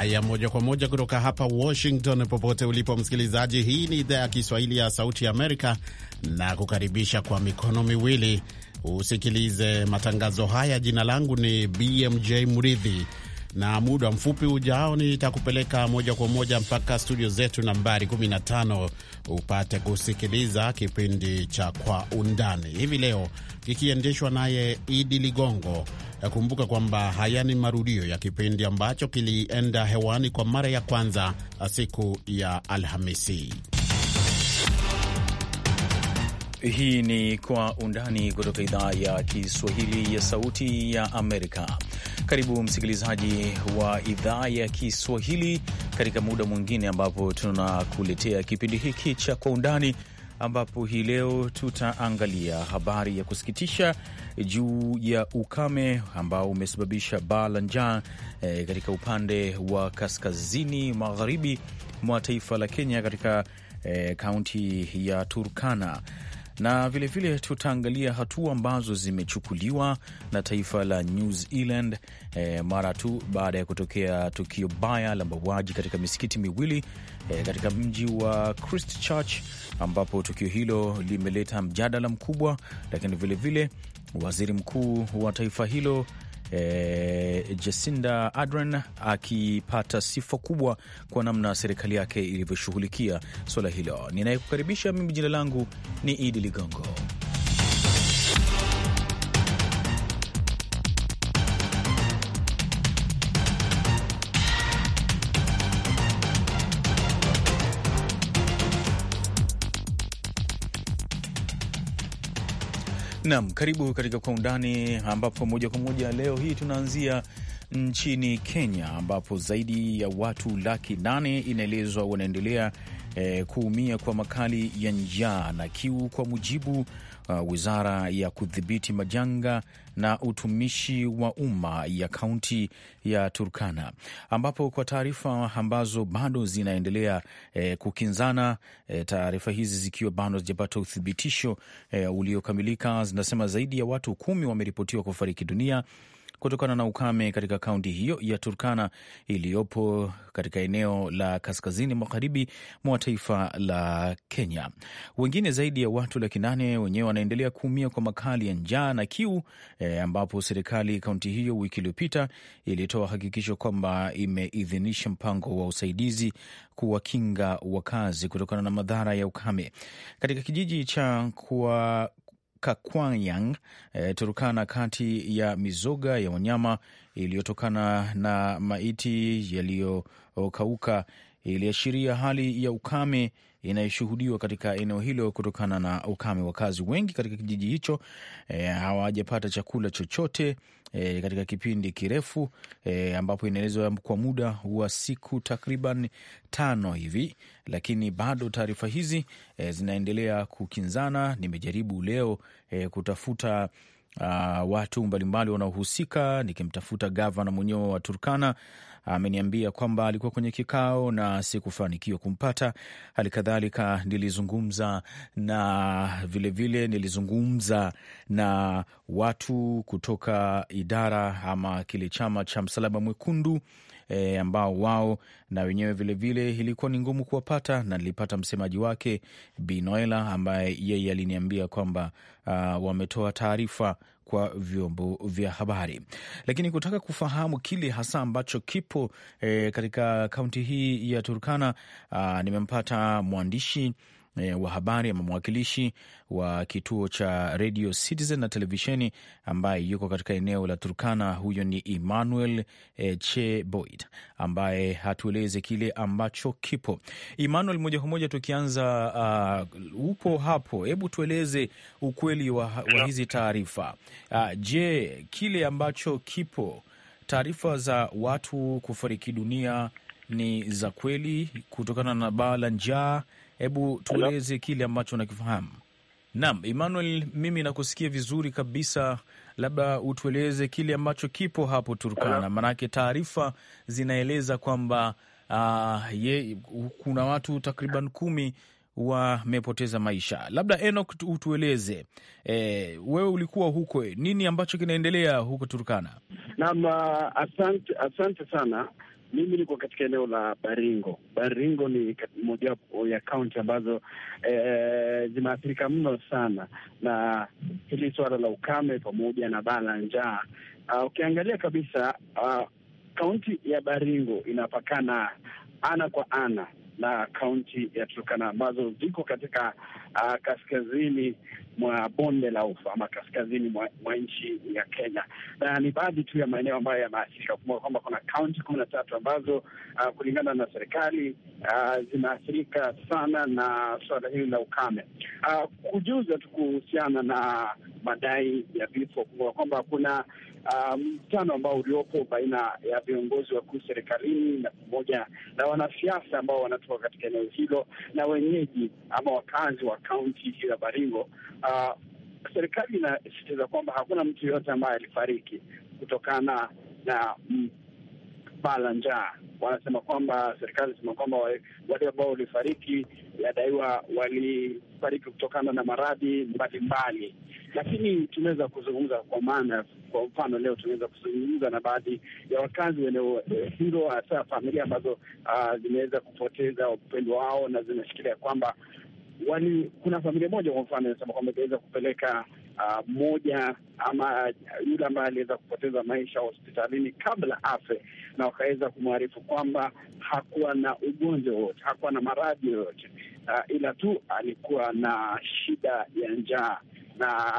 Haya, moja kwa moja kutoka hapa Washington. Popote ulipo msikilizaji, hii ni idhaa ya Kiswahili ya Sauti Amerika na kukaribisha kwa mikono miwili usikilize matangazo haya. Jina langu ni BMJ mridhi na muda mfupi ujao nitakupeleka moja kwa moja mpaka studio zetu nambari 15 upate kusikiliza kipindi cha Kwa Undani hivi leo kikiendeshwa naye Idi Ligongo Kumbuka kwamba haya ni marudio ya kipindi ambacho kilienda hewani kwa mara ya kwanza uh, siku ya Alhamisi. Hii ni Kwa Undani kutoka idhaa ya Kiswahili ya Sauti ya Amerika. Karibu msikilizaji wa idhaa ya Kiswahili katika muda mwingine ambapo tunakuletea kipindi hiki cha Kwa Undani ambapo hii leo tutaangalia habari ya kusikitisha juu ya ukame ambao umesababisha baa la njaa e, katika upande wa kaskazini magharibi mwa taifa la Kenya katika eh, kaunti ya Turkana na vilevile tutaangalia hatua ambazo zimechukuliwa na taifa la New Zealand e, mara tu baada ya kutokea tukio baya la mauaji katika misikiti miwili e, katika mji wa Christchurch, ambapo tukio hilo limeleta mjadala mkubwa, lakini vilevile waziri mkuu wa taifa hilo eh, Jacinda Ardern akipata sifa kubwa kwa namna serikali yake ilivyoshughulikia suala hilo. Ninayekukaribisha mimi, jina langu ni Idi Ligongo. nam karibu katika Kwa Undani, ambapo moja kwa moja leo hii tunaanzia nchini Kenya, ambapo zaidi ya watu laki nane inaelezwa wanaendelea eh, kuumia kwa makali ya njaa na kiu, kwa mujibu wa uh, wizara ya kudhibiti majanga na utumishi wa umma ya kaunti ya Turkana, ambapo kwa taarifa ambazo bado zinaendelea eh, kukinzana eh, taarifa hizi zikiwa bado zijapata uthibitisho eh, uliokamilika, zinasema zaidi ya watu kumi wameripotiwa kufariki dunia kutokana na ukame katika kaunti hiyo ya Turkana iliyopo katika eneo la kaskazini magharibi mwa taifa la Kenya. Wengine zaidi ya watu laki nane wenyewe wanaendelea kuumia kwa makali ya njaa na kiu e, ambapo serikali kaunti hiyo wiki iliyopita ilitoa hakikisho kwamba imeidhinisha mpango wa usaidizi kuwakinga wakazi kutokana na madhara ya ukame katika kijiji cha kwa Kakwanyang e, eh, Turukana, kati ya mizoga ya wanyama iliyotokana na maiti yaliyokauka iliashiria hali ya ukame inayoshuhudiwa katika eneo hilo kutokana na ukame. Wakazi wengi katika kijiji hicho e, hawajapata chakula chochote e, katika kipindi kirefu e, ambapo inaelezwa kwa muda wa siku takriban tano hivi, lakini bado taarifa hizi e, zinaendelea kukinzana. Nimejaribu leo e, kutafuta Uh, watu mbalimbali wanaohusika nikimtafuta gavana mwenyewe wa Turkana ameniambia kwamba alikuwa kwenye kikao na sikufanikiwa kumpata. Hali kadhalika nilizungumza na vilevile vile, nilizungumza na watu kutoka idara ama kile chama cha Msalaba Mwekundu e, ambao wao na wenyewe vilevile ilikuwa ni ngumu kuwapata, na nilipata msemaji wake Bi Noela ambaye yeye aliniambia kwamba uh, wametoa taarifa kwa vyombo vya habari, lakini kutaka kufahamu kile hasa ambacho kipo e, katika kaunti hii ya Turkana. Uh, nimempata mwandishi e, wa habari ama mwakilishi wa kituo cha Radio Citizen na televisheni ambaye yuko katika eneo la Turkana. Huyo ni Emmanuel e, eh, Cheboit ambaye hatueleze kile ambacho kipo. Emmanuel, moja kwa moja tukianza, uh, upo hapo, hebu tueleze ukweli wa, wa hizi taarifa uh, je, kile ambacho kipo taarifa za watu kufariki dunia ni za kweli kutokana na baa la njaa Hebu tueleze kile ambacho unakifahamu. Naam, Emmanuel, mimi nakusikia vizuri kabisa, labda utueleze kile ambacho kipo hapo Turkana, maanake taarifa zinaeleza kwamba uh, ye, kuna watu takriban kumi wamepoteza maisha. Labda eno utueleze e, wewe ulikuwa huko, nini ambacho kinaendelea huko Turkana? Naam, ah, asante, asante sana. Mimi niko katika eneo la Baringo. Baringo ni mojawapo ya kaunti ambazo e, zimeathirika mno sana na hili suala la ukame pamoja na baa la njaa. Ah, ukiangalia kabisa kaunti ah, ya Baringo inapakana ana kwa ana na kaunti ya Turkana ambazo ziko katika uh, kaskazini mwa bonde la Ufa ama kaskazini mwa, mwa nchi ya Kenya, na ni baadhi tu ya maeneo ambayo yameathirika. Kumbuka kwamba kuna kaunti kumi na tatu ambazo uh, kulingana na serikali uh, zimeathirika sana na suala hili la ukame. Uh, kujuza tu kuhusiana na madai ya vifo, kumbuka kwamba kuna mkutano um, ambao uliopo baina ya viongozi wakuu serikalini na pamoja na wanasiasa ambao wanatoka katika eneo hilo na wenyeji ama wakazi wa kaunti hiyo ya Baringo. Uh, serikali inasisitiza kwamba hakuna mtu yoyote ambaye alifariki kutokana na mm, baa la njaa. Wanasema kwamba serikali sema kwamba wale ambao walifariki yadaiwa walifariki kutokana na maradhi mbalimbali, lakini tunaweza kuzungumza kwa maana, kwa mfano leo tunaweza kuzungumza na baadhi ya wakazi wa eneo eh, hilo, hasa familia ambazo ah, zimeweza kupoteza upendo wao na zinashikilia kwamba wali, kuna familia moja kwa mfano inasema kwamba itaweza kupeleka uh, ah, moja ama ah, yule ambaye aliweza kupoteza maisha hospitalini kabla afe, na wakaweza kumwarifu kwamba hakuwa na ugonjwa wowote, hakuwa na maradhi yoyote, uh, ila tu alikuwa na shida ya njaa na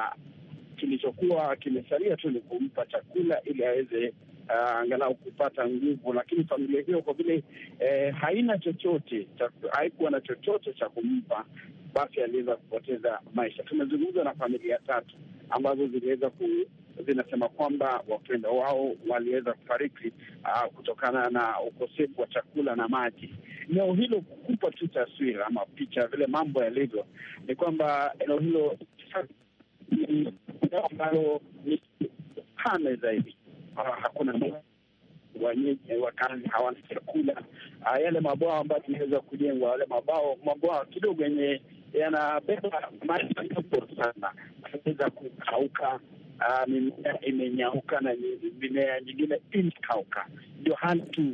kilichokuwa kimesalia tu ni kumpa chakula ili aweze uh, angalau kupata nguvu, lakini familia hiyo kwa vile eh, haina chochote, haikuwa na chochote cha kumpa, basi aliweza kupoteza maisha. Tumezungumza na familia tatu ambazo ziliweza ku zinasema kwamba wapendo wao waliweza kufariki uh, kutokana na ukosefu wa chakula na maji. Eneo hilo kupa tu taswira ama picha vile mambo yalivyo, ni kwamba eneo hilo ambalo ni kame zaidi Ah, hakuna wenyeji wakazi hawana chakula. Ah, yale mabwawa ambayo inaweza kujengwa, wale mabao mabwawa kidogo yenye yanabeba maji kidogo sana, anaweza kukauka. Ah, mimea imenyauka na mimea nyingine imekauka, ndio hali tu.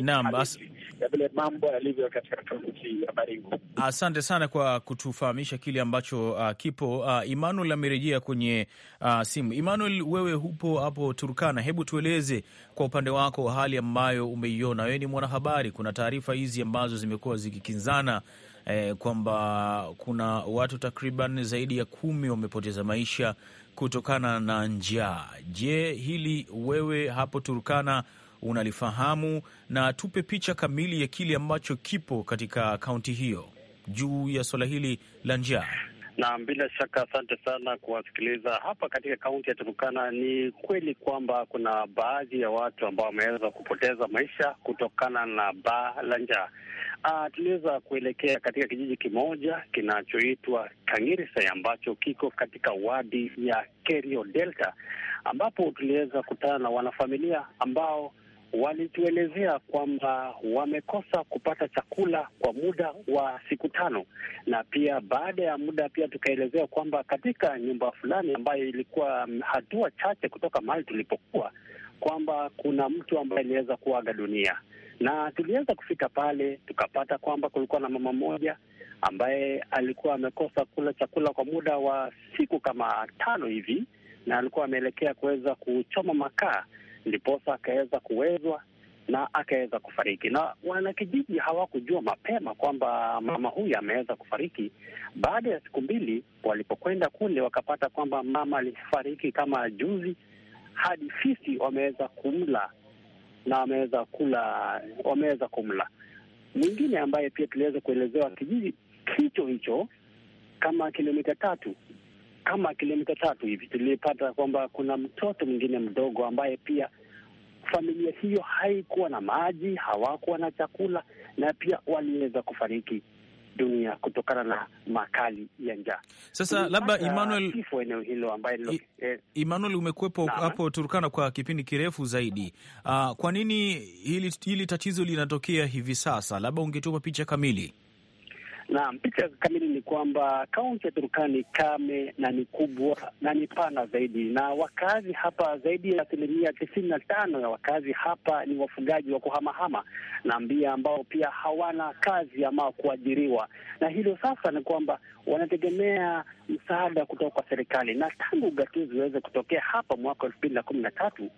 Naam, basi ya vile mambo yalivyo katika tovuti ya Baringo. Asante sana kwa kutufahamisha kile ambacho uh, kipo. Uh, Emmanuel amerejea kwenye uh, simu. Emmanuel, wewe hupo hapo Turkana, hebu tueleze kwa upande wako hali ambayo umeiona. Wewe ni mwanahabari, kuna taarifa hizi ambazo zimekuwa zikikinzana eh, kwamba kuna watu takriban zaidi ya kumi wamepoteza maisha kutokana na njaa. Je, hili wewe hapo Turkana unalifahamu, na tupe picha kamili ya kile ambacho kipo katika kaunti hiyo juu ya suala hili la njaa. Na bila shaka asante sana kuwasikiliza hapa katika kaunti ya Turukana. Ni kweli kwamba kuna baadhi ya watu ambao wameweza kupoteza maisha kutokana na baa la njaa. Uh, tuliweza kuelekea katika kijiji kimoja kinachoitwa Kangirisa ambacho kiko katika wadi ya Kerio Delta ambapo tuliweza kutana na wanafamilia ambao walituelezea kwamba wamekosa kupata chakula kwa muda wa siku tano, na pia baada ya muda pia tukaelezea kwamba katika nyumba fulani ambayo ilikuwa mm, hatua chache kutoka mahali tulipokuwa kwamba kuna mtu ambaye aliweza kuaga dunia, na tuliweza kufika pale tukapata kwamba kulikuwa na mama mmoja ambaye alikuwa amekosa kula chakula kwa muda wa siku kama tano hivi, na alikuwa ameelekea kuweza kuchoma makaa ndiposa akaweza kuwezwa na akaweza kufariki. Na wanakijiji hawakujua mapema kwamba mama huyu ameweza kufariki. Baada ya siku mbili, walipokwenda kule, wakapata kwamba mama alifariki kama juzi, hadi fisi wameweza kumla na wameweza kula, wameweza kumla. Mwingine ambaye pia tuliweza kuelezewa kijiji hicho hicho kama kilomita tatu kama kilomita tatu hivi tulipata kwamba kuna mtoto mwingine mdogo ambaye pia familia hiyo haikuwa na maji, hawakuwa na chakula, na pia waliweza kufariki dunia kutokana na makali ya njaa. Sasa labda Emmanuel, eneo hilo ambaye eh, Emmanuel, eh, umekuwepo hapo Turkana kwa kipindi kirefu zaidi. Uh, kwa nini hili, hili tatizo linatokea hivi sasa? Labda ungetupa picha kamili. Naam, picha kamili ni kwamba kaunti ya Turkana kame na ni kubwa na ni pana zaidi, na wakazi hapa, zaidi ya asilimia tisini na tano ya wakazi hapa ni wafugaji wa kuhamahama na mbia, ambao pia hawana kazi ama kuajiriwa, na hilo sasa ni kwamba wanategemea msaada kutoka kwa serikali, na tangu ugatuzi uweze kutokea hapa mwaka elfu mbili na kumi na tatu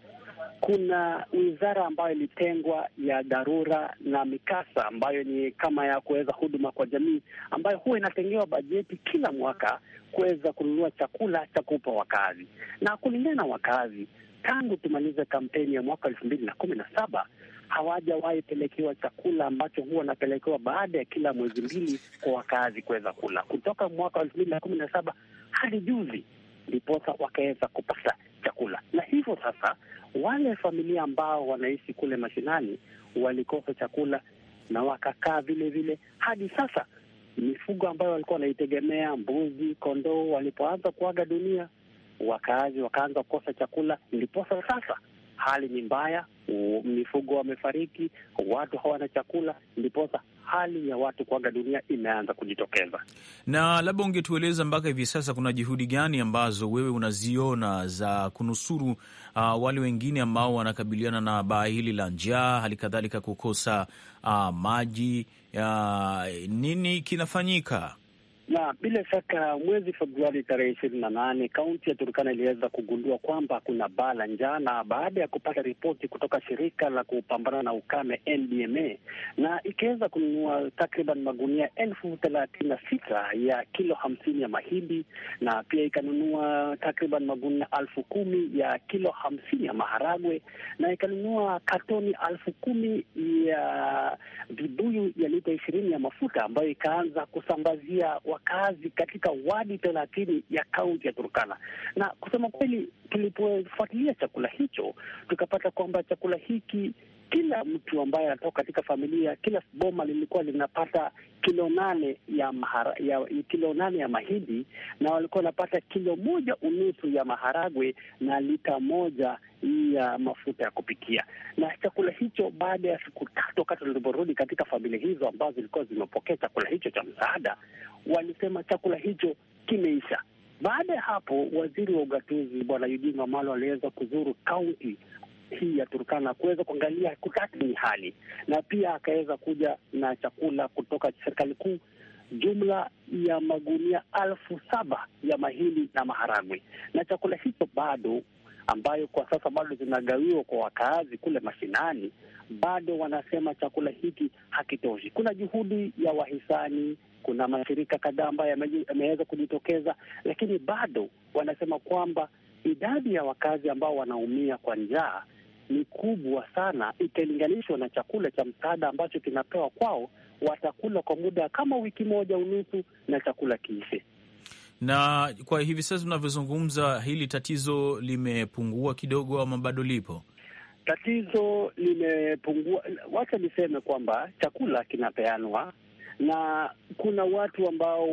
kuna wizara ambayo ilitengwa ya dharura na mikasa, ambayo ni kama ya kuweza huduma kwa jamii, ambayo huwa inatengewa bajeti kila mwaka kuweza kununua chakula cha kupa wakazi. Na kulingana na wakazi, tangu tumalize kampeni ya mwaka elfu mbili na kumi na saba hawajawahi pelekewa chakula ambacho huwa wanapelekewa baada ya kila mwezi mbili kwa wakazi kuweza kula, kutoka mwaka wa elfu mbili na kumi na saba hadi juzi ndiposa wakaweza kupata chakula. Na hivyo sasa, wale familia ambao wanaishi kule mashinani walikosa chakula na wakakaa vile vile hadi sasa. Mifugo ambayo walikuwa wanaitegemea, mbuzi, kondoo, walipoanza kuaga dunia, wakaazi wakaanza kukosa chakula, ndiposa sasa hali ni mbaya, mifugo wamefariki, watu hawana chakula, ndiposa hali ya watu kuaga dunia imeanza kujitokeza. Na labda ungetueleza mpaka hivi sasa kuna juhudi gani ambazo wewe unaziona za kunusuru uh, wale wengine ambao wanakabiliana na baa hili la njaa, hali kadhalika kukosa uh, maji uh, nini kinafanyika? Na bila shaka mwezi Februari tarehe ishirini na nane kaunti ya Turkana iliweza kugundua kwamba kuna baa la njaa, na baada ya kupata ripoti kutoka shirika la kupambana na ukame NDMA, na ikiweza kununua takriban magunia elfu thelathini na sita ya kilo hamsini ya mahindi na pia ikanunua takriban magunia elfu kumi ya kilo hamsini ya maharagwe na ikanunua katoni elfu kumi ya vibuyu ya lita ishirini ya mafuta ambayo ikaanza kusambazia wa wakazi katika wadi thelathini ya kaunti ya Turkana. Na kusema kweli, tulipofuatilia chakula hicho tukapata kwamba chakula hiki kila mtu ambaye anatoka katika familia, kila boma lilikuwa linapata kilo nane ya mahara, ya kilo nane ya mahindi na walikuwa wanapata kilo moja unusu ya maharagwe na lita moja ya mafuta ya kupikia. Na chakula hicho baada ya siku tatu, wakati waliporudi katika familia hizo ambazo zilikuwa zimepokea chakula hicho cha msaada, walisema chakula hicho kimeisha. Baada ya hapo, waziri wa ugatuzi Bwana Eugene Wamalwa aliweza kuzuru kaunti hii ya Turkana kuweza kuangalia kutathmini hali, na pia akaweza kuja na chakula kutoka serikali kuu, jumla ya magunia elfu saba ya mahindi na maharagwe, na chakula hicho bado ambayo kwa sasa bado zinagawiwa kwa wakaazi kule mashinani. Bado wanasema chakula hiki hakitoshi. Kuna juhudi ya wahisani, kuna mashirika kadhaa ambayo yameweza kujitokeza, lakini bado wanasema kwamba idadi ya wakazi ambao wanaumia kwa njaa ni kubwa sana ikilinganishwa na chakula cha msaada ambacho kinapewa kwao. Watakula kwa muda kama wiki moja unusu na chakula kiishe. Na kwa hivi sasa tunavyozungumza, hili tatizo limepungua kidogo ama bado lipo? Tatizo limepungua, wacha niseme kwamba chakula kinapeanwa na kuna watu ambao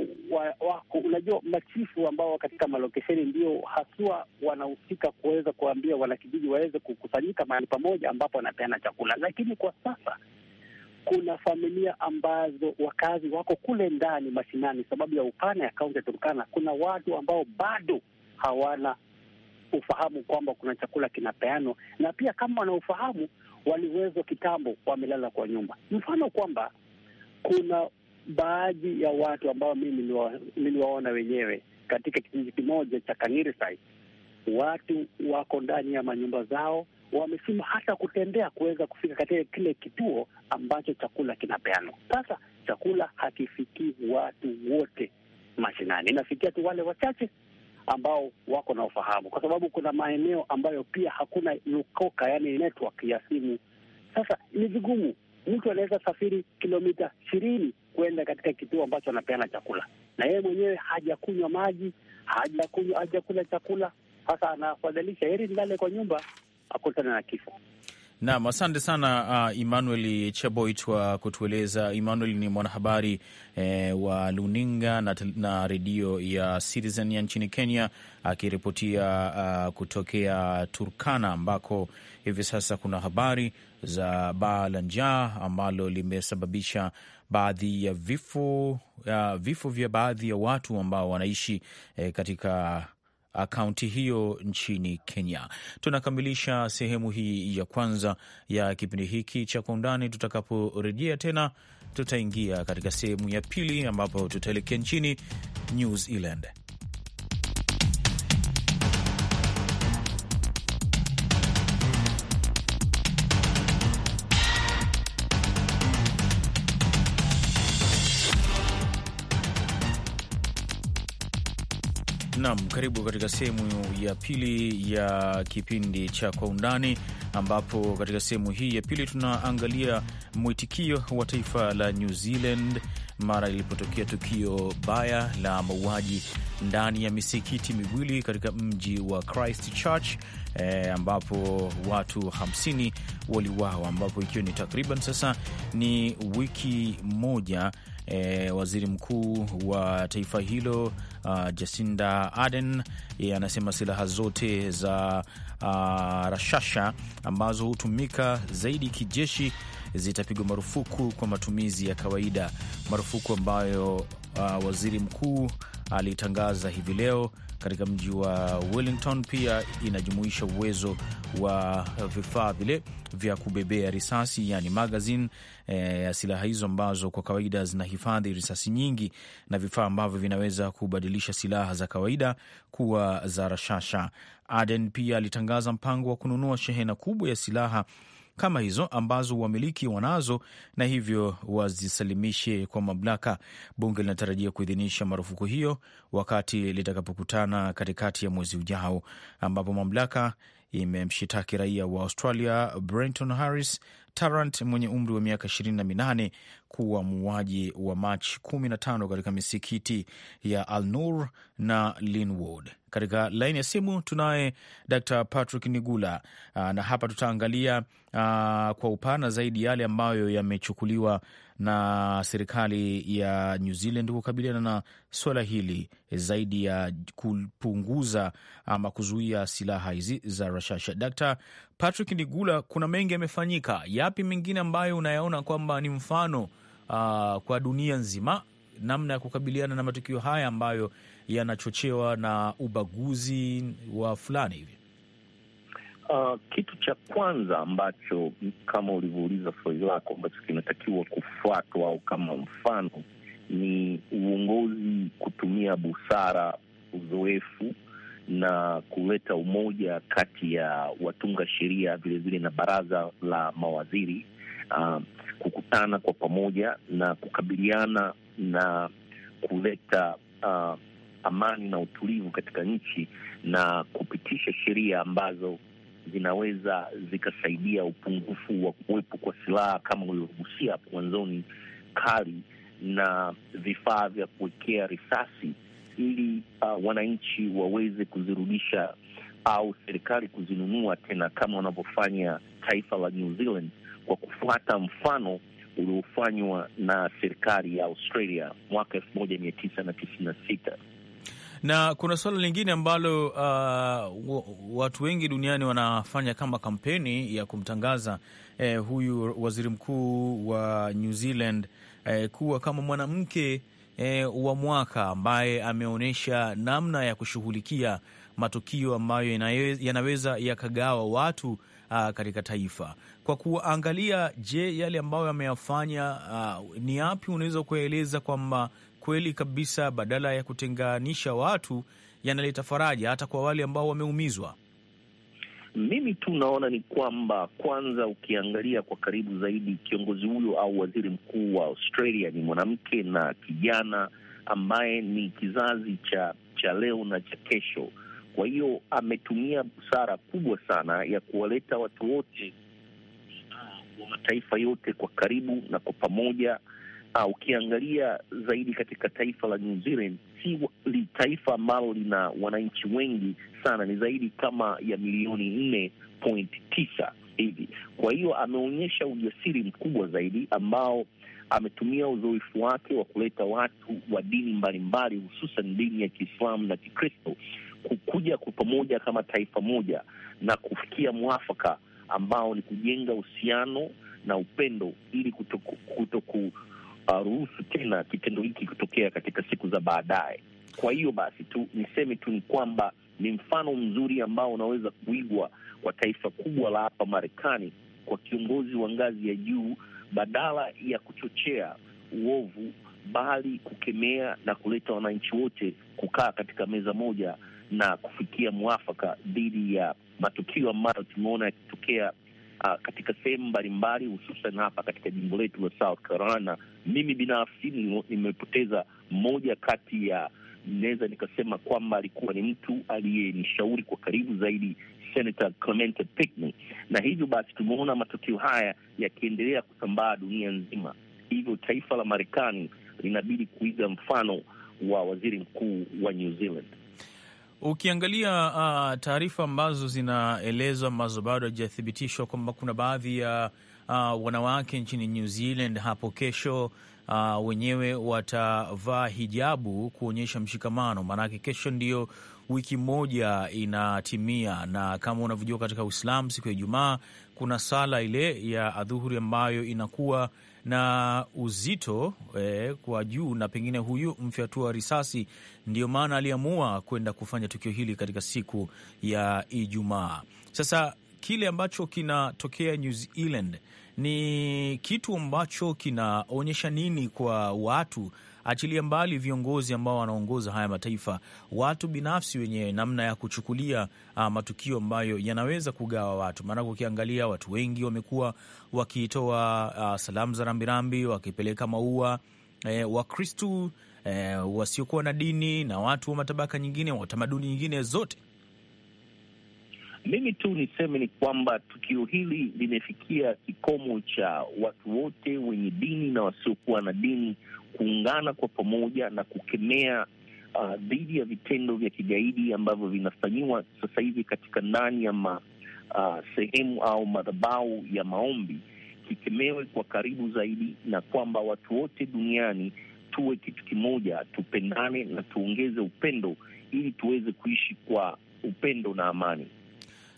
wako, unajua machifu ambao katika malokesheni ndio haswa wanahusika kuweza kuambia wanakijiji waweze kukusanyika mahali pamoja ambapo wanapeana chakula, lakini kwa sasa kuna familia ambazo wakazi wako kule ndani mashinani, sababu ya upana ya kaunti ya Turkana, kuna watu ambao bado hawana ufahamu kwamba kuna chakula kinapeanwa, na pia kama wanaofahamu waliwezwa kitambo, wamelala kwa nyumba. Mfano kwamba kuna baadhi ya watu ambao mimi niliwaona wenyewe katika kijiji kimoja cha Kangirisai, watu wako ndani ya manyumba zao, wamesima hata kutembea kuweza kufika katika kile kituo ambacho chakula kinapeanwa. Sasa chakula hakifikii watu wote mashinani, inafikia tu wale wachache ambao wako na ufahamu, kwa sababu kuna maeneo ambayo pia hakuna lukoka, yani network ya simu. Sasa ni vigumu mtu anaweza safiri kilomita ishirini kwenda katika kituo ambacho anapeana chakula, na yeye mwenyewe hajakunywa maji, hajakunywa, hajakula chakula. Sasa anafadhalisha heri nilale kwa nyumba akutana na kifo. Naam, asante sana uh, Emmanuel Chaboit wa kutueleza. Emmanuel ni mwanahabari eh, wa luninga na, na redio ya Citizen ya nchini Kenya akiripotia uh, kutokea Turkana ambako hivi sasa kuna habari za baa la njaa ambalo limesababisha baadhi ya vifo, ya vifo vya baadhi ya watu ambao wanaishi eh, katika akaunti hiyo nchini Kenya. Tunakamilisha sehemu hii ya kwanza ya kipindi hiki cha Kwa Undani. Tutakaporejea tena, tutaingia katika sehemu ya pili ambapo tutaelekea nchini New Zealand. Nam, karibu katika sehemu ya pili ya kipindi cha Kwa Undani, ambapo katika sehemu hii ya pili tunaangalia mwitikio wa taifa la New Zealand mara ilipotokea tukio baya la mauaji ndani ya misikiti miwili katika mji wa Christchurch e, ambapo watu 50 waliuawa, ambapo ikiwa ni takriban sasa ni wiki moja e, waziri mkuu wa taifa hilo uh, Jacinda Ardern e, anasema silaha zote za uh, rashasha ambazo hutumika zaidi kijeshi zitapigwa marufuku kwa matumizi ya kawaida, marufuku ambayo uh, waziri mkuu alitangaza hivi leo katika mji wa Wellington pia inajumuisha uwezo wa vifaa vile vya kubebea risasi yani magazine eh, ya e, silaha hizo ambazo kwa kawaida zinahifadhi risasi nyingi na vifaa ambavyo vinaweza kubadilisha silaha za kawaida kuwa za rashasha. Aden pia alitangaza mpango wa kununua shehena kubwa ya silaha kama hizo ambazo wamiliki wanazo na hivyo wazisalimishe kwa mamlaka. Bunge linatarajia kuidhinisha marufuku hiyo wakati litakapokutana katikati ya mwezi ujao, ambapo mamlaka imemshitaki raia wa Australia Brenton Harris Tarrant mwenye umri wa miaka na minane kuwa muuaji wa Machi 15 katika misikiti ya Al Nur na Linwood. Katika laini ya simu tunaye Dr Patrick Nigula ah, na hapa tutaangalia ah, kwa upana zaidi yale ambayo yamechukuliwa na serikali ya New Zealand kukabiliana na swala hili zaidi ya kupunguza ama kuzuia silaha hizi za rashasha. Dr Patrick Nigula, kuna mengi yamefanyika, yapi mengine ambayo unayaona kwamba ni mfano uh, kwa dunia nzima namna ya kukabiliana na matukio haya ambayo yanachochewa na ubaguzi wa fulani hivi? Uh, kitu cha kwanza ambacho kama ulivyouliza swali lako ambacho kinatakiwa kufuatwa au kama mfano ni uongozi kutumia busara, uzoefu na kuleta umoja kati ya watunga sheria vilevile na baraza la mawaziri uh, kukutana kwa pamoja na kukabiliana na kuleta uh, amani na utulivu katika nchi na kupitisha sheria ambazo zinaweza zikasaidia upungufu wa kuwepo kwa silaha kama ulivyogusia hapo mwanzoni, kali na vifaa vya kuwekea risasi, ili uh, wananchi waweze kuzirudisha au serikali kuzinunua tena, kama wanavyofanya taifa la New Zealand kwa kufuata mfano uliofanywa na serikali ya Australia mwaka elfu moja mia tisa na tisini na sita na kuna suala lingine ambalo uh, watu wengi duniani wanafanya kama kampeni ya kumtangaza eh, huyu waziri mkuu wa New Zealand eh, kuwa kama mwanamke eh, wa mwaka ambaye ameonyesha namna ya kushughulikia matukio ambayo yanaweza yakagawa watu uh, katika taifa kwa kuangalia, je, yale ambayo yameyafanya uh, ni yapi? Unaweza kuyaeleza kwamba kweli kabisa badala ya kutenganisha watu yanaleta faraja hata kwa wale ambao wameumizwa? Mimi tu naona ni kwamba kwanza, ukiangalia kwa karibu zaidi, kiongozi huyo au waziri mkuu wa Australia ni mwanamke na kijana ambaye ni kizazi cha cha leo na cha kesho. Kwa hiyo ametumia busara kubwa sana ya kuwaleta watu wote ah, wa mataifa yote kwa karibu na kwa pamoja. Uh, ukiangalia zaidi katika taifa la New Zealand si li taifa ambalo lina wananchi wengi sana, ni zaidi kama ya milioni nne point tisa hivi. Kwa hiyo ameonyesha ujasiri mkubwa zaidi ambao ametumia uzoefu wake wa kuleta watu wa dini mbalimbali, hususan dini ya Kiislamu na Kikristo kukuja kwa pamoja kama taifa moja na kufikia mwafaka ambao ni kujenga uhusiano na upendo ili kuto kutoku uh, ruhusu tena kitendo hiki kutokea katika siku za baadaye. Kwa hiyo basi tu niseme tu ni kwamba ni mfano mzuri ambao unaweza kuigwa kwa taifa kubwa la hapa Marekani, kwa kiongozi wa ngazi ya juu, badala ya kuchochea uovu, bali kukemea na kuleta wananchi wote kukaa katika meza moja na kufikia mwafaka dhidi ya matukio ambayo tumeona yakitokea uh, katika sehemu mbalimbali, hususan hapa katika jimbo letu la South Carolina. Mimi binafsi nimepoteza mmoja kati ya naweza nikasema kwamba alikuwa ni mtu aliyenishauri kwa karibu zaidi, Senator Clemente na hivyo basi tumeona matukio haya yakiendelea kusambaa dunia nzima. Hivyo taifa la Marekani linabidi kuiga mfano wa waziri mkuu wa New Zealand. Ukiangalia uh, taarifa ambazo zinaelezwa ambazo bado hajathibitishwa kwamba kuna baadhi ya uh, wanawake nchini New Zealand hapo kesho uh, wenyewe watavaa hijabu kuonyesha mshikamano, maanake kesho ndio wiki moja inatimia, na kama unavyojua katika Uislamu siku ya Ijumaa kuna sala ile ya adhuhuri ambayo inakuwa na uzito eh, kwa juu na pengine huyu mfyatua risasi ndio maana aliamua kwenda kufanya tukio hili katika siku ya Ijumaa. Sasa kile ambacho kinatokea New Zealand ni kitu ambacho kinaonyesha nini kwa watu achilia mbali viongozi ambao wanaongoza haya mataifa, watu binafsi wenyewe, namna ya kuchukulia uh, matukio ambayo yanaweza kugawa watu. Maanake ukiangalia watu wengi wamekuwa wakitoa uh, salamu za rambirambi, wakipeleka maua eh, Wakristu eh, wasiokuwa na dini na watu wa matabaka nyingine wa tamaduni nyingine zote. Mimi tu niseme ni kwamba tukio hili limefikia kikomo cha watu wote wenye dini na wasiokuwa na dini kuungana kwa pamoja na kukemea uh, dhidi ya vitendo vya kigaidi ambavyo vinafanyiwa sasa hivi katika ndani ya ma, uh, sehemu au madhabau ya maombi kikemewe kwa karibu zaidi, na kwamba watu wote duniani tuwe kitu kimoja, tupendane na tuongeze upendo ili tuweze kuishi kwa upendo na amani.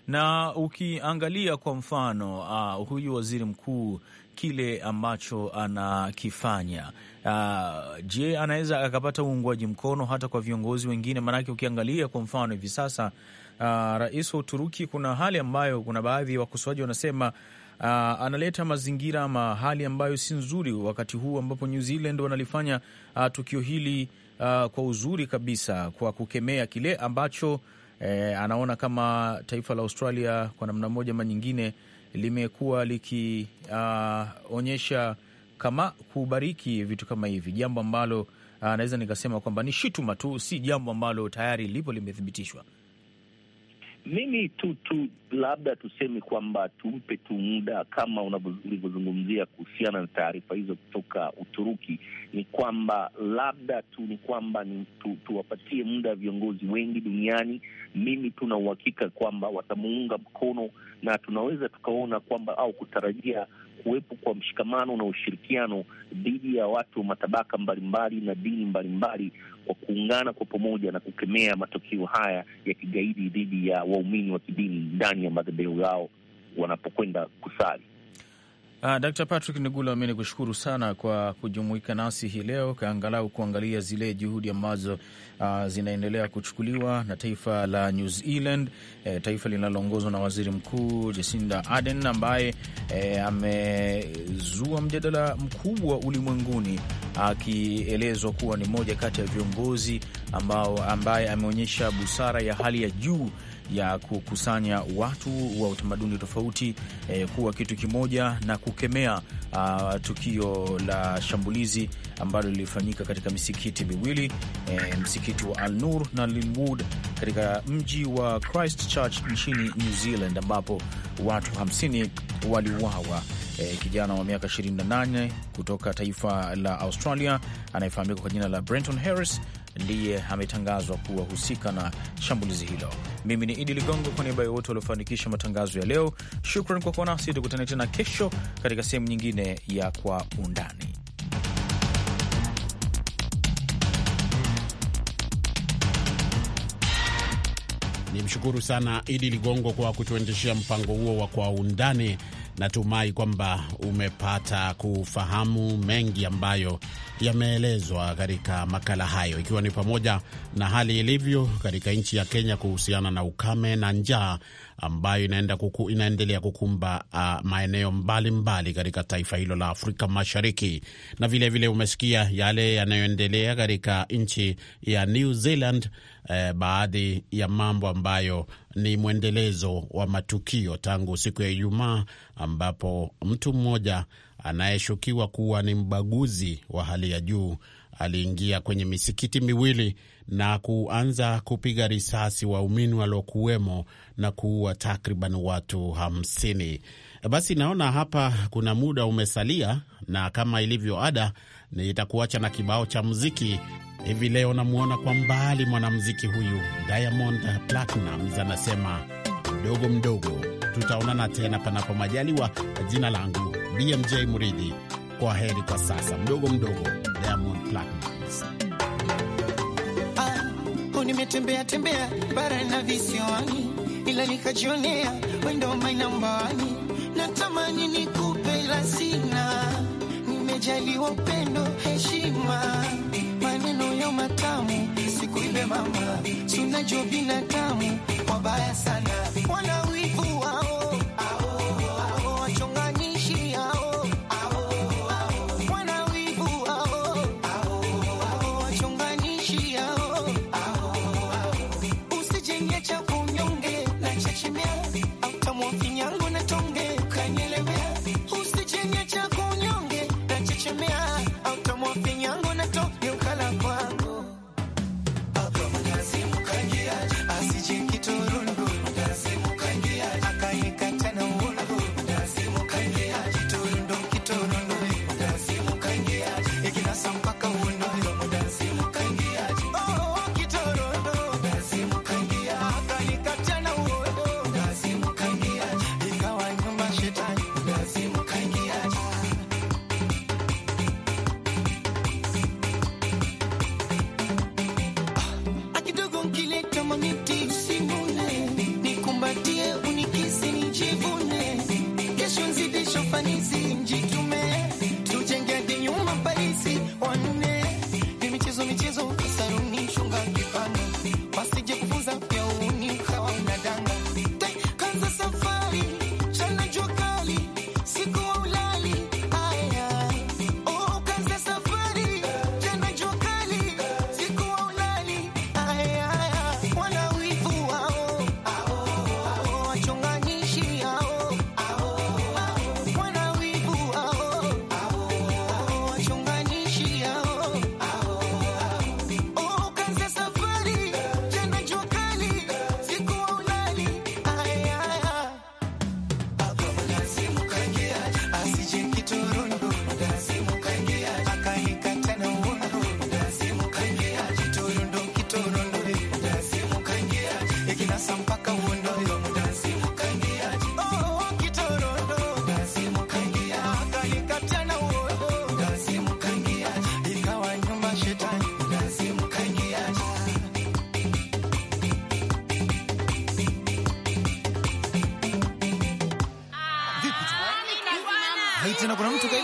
Na ukiangalia kwa mfano uh, huyu waziri mkuu kile ambacho anakifanya. Uh, je, anaweza akapata uungwaji mkono hata kwa viongozi wengine? Maanake ukiangalia kwa mfano hivi sasa uh, rais wa Uturuki, kuna hali ambayo kuna baadhi ya wakosoaji wanasema Uh, analeta mazingira ama hali ambayo si nzuri wakati huu ambapo New Zealand wanalifanya uh, tukio hili uh, kwa uzuri kabisa kwa kukemea kile ambacho eh, anaona kama taifa la Australia kwa namna moja ama nyingine limekuwa likionyesha uh, kama kubariki vitu kama hivi, jambo ambalo uh, naweza nikasema kwamba ni shutuma tu, si jambo ambalo tayari lipo limethibitishwa. Mimi tu tu labda tuseme kwamba tumpe tu muda, kama ulivyozungumzia kuhusiana na taarifa hizo kutoka Uturuki, ni kwamba labda tu ni kwamba ni tu, tuwapatie muda viongozi wengi duniani. Mimi tuna uhakika kwamba watamuunga mkono na tunaweza tukaona kwamba au kutarajia kuwepo kwa mshikamano na ushirikiano dhidi ya watu wa matabaka mbalimbali na dini mbalimbali kwa kuungana kwa pamoja na kukemea matokeo haya ya kigaidi dhidi ya waumini wa kidini ndani ya madhehebu yao wanapokwenda kusali. Uh, Dr. Patrick Nigula, ni kushukuru sana kwa kujumuika nasi hii leo kaangalau kuangalia zile juhudi ambazo uh, zinaendelea kuchukuliwa na taifa la New Zealand eh, taifa linaloongozwa na Waziri Mkuu Jacinda Ardern ambaye eh, amezua mjadala mkubwa ulimwenguni akielezwa kuwa ni moja kati ya viongozi ambao ambaye ameonyesha busara ya hali ya juu ya kukusanya watu wa utamaduni tofauti eh, kuwa kitu kimoja na kukemea uh, tukio la shambulizi ambalo lilifanyika katika misikiti miwili eh, msikiti wa Al Nur na Linwood katika mji wa Christchurch nchini New Zealand ambapo watu 50 waliuawa. E, kijana wa miaka 28 kutoka taifa la Australia anayefahamika kwa jina la Brenton Harris ndiye ametangazwa kuwa husika na shambulizi hilo. Mimi ni Idi Ligongo, kwa niaba ya wote waliofanikisha matangazo ya leo, shukran kwa kuwa nasi. Tukutane tena kesho katika sehemu nyingine ya Kwa Undani. Nimshukuru sana Idi Ligongo kwa kutuendeshea mpango huo wa Kwa Undani. Natumai kwamba umepata kufahamu mengi ambayo yameelezwa katika makala hayo, ikiwa ni pamoja na hali ilivyo katika nchi ya Kenya kuhusiana na ukame na njaa ambayo inaenda kuku, inaendelea kukumba uh, maeneo mbalimbali katika taifa hilo la Afrika Mashariki, na vilevile vile umesikia yale yanayoendelea katika nchi ya New Zealand. Eh, baadhi ya mambo ambayo ni mwendelezo wa matukio tangu siku ya Ijumaa ambapo mtu mmoja anayeshukiwa kuwa ni mbaguzi wa hali ya juu aliingia kwenye misikiti miwili na kuanza kupiga risasi waumini waliokuwemo na kuua takriban watu hamsini. Basi naona hapa kuna muda umesalia, na kama ilivyo ada, nitakuacha na kibao cha muziki. Hivi leo namwona kwa mbali mwanamuziki huyu Diamond Platnumz anasema mdogo mdogo, tutaonana tena panapo majaliwa. Jina langu BMJ Muridhi. Kwa heri kwa sasa, mdogo mdogo, Diamond Platnumz. Ah, nimetembea tembea bara na visiwani, ila nikajionea wendo mainambawani, natamani nikupe ila sina, nimejaliwa upendo heshima, maneno ya matamu sikuibe mama, tunajua binadamu wabaya sana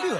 do.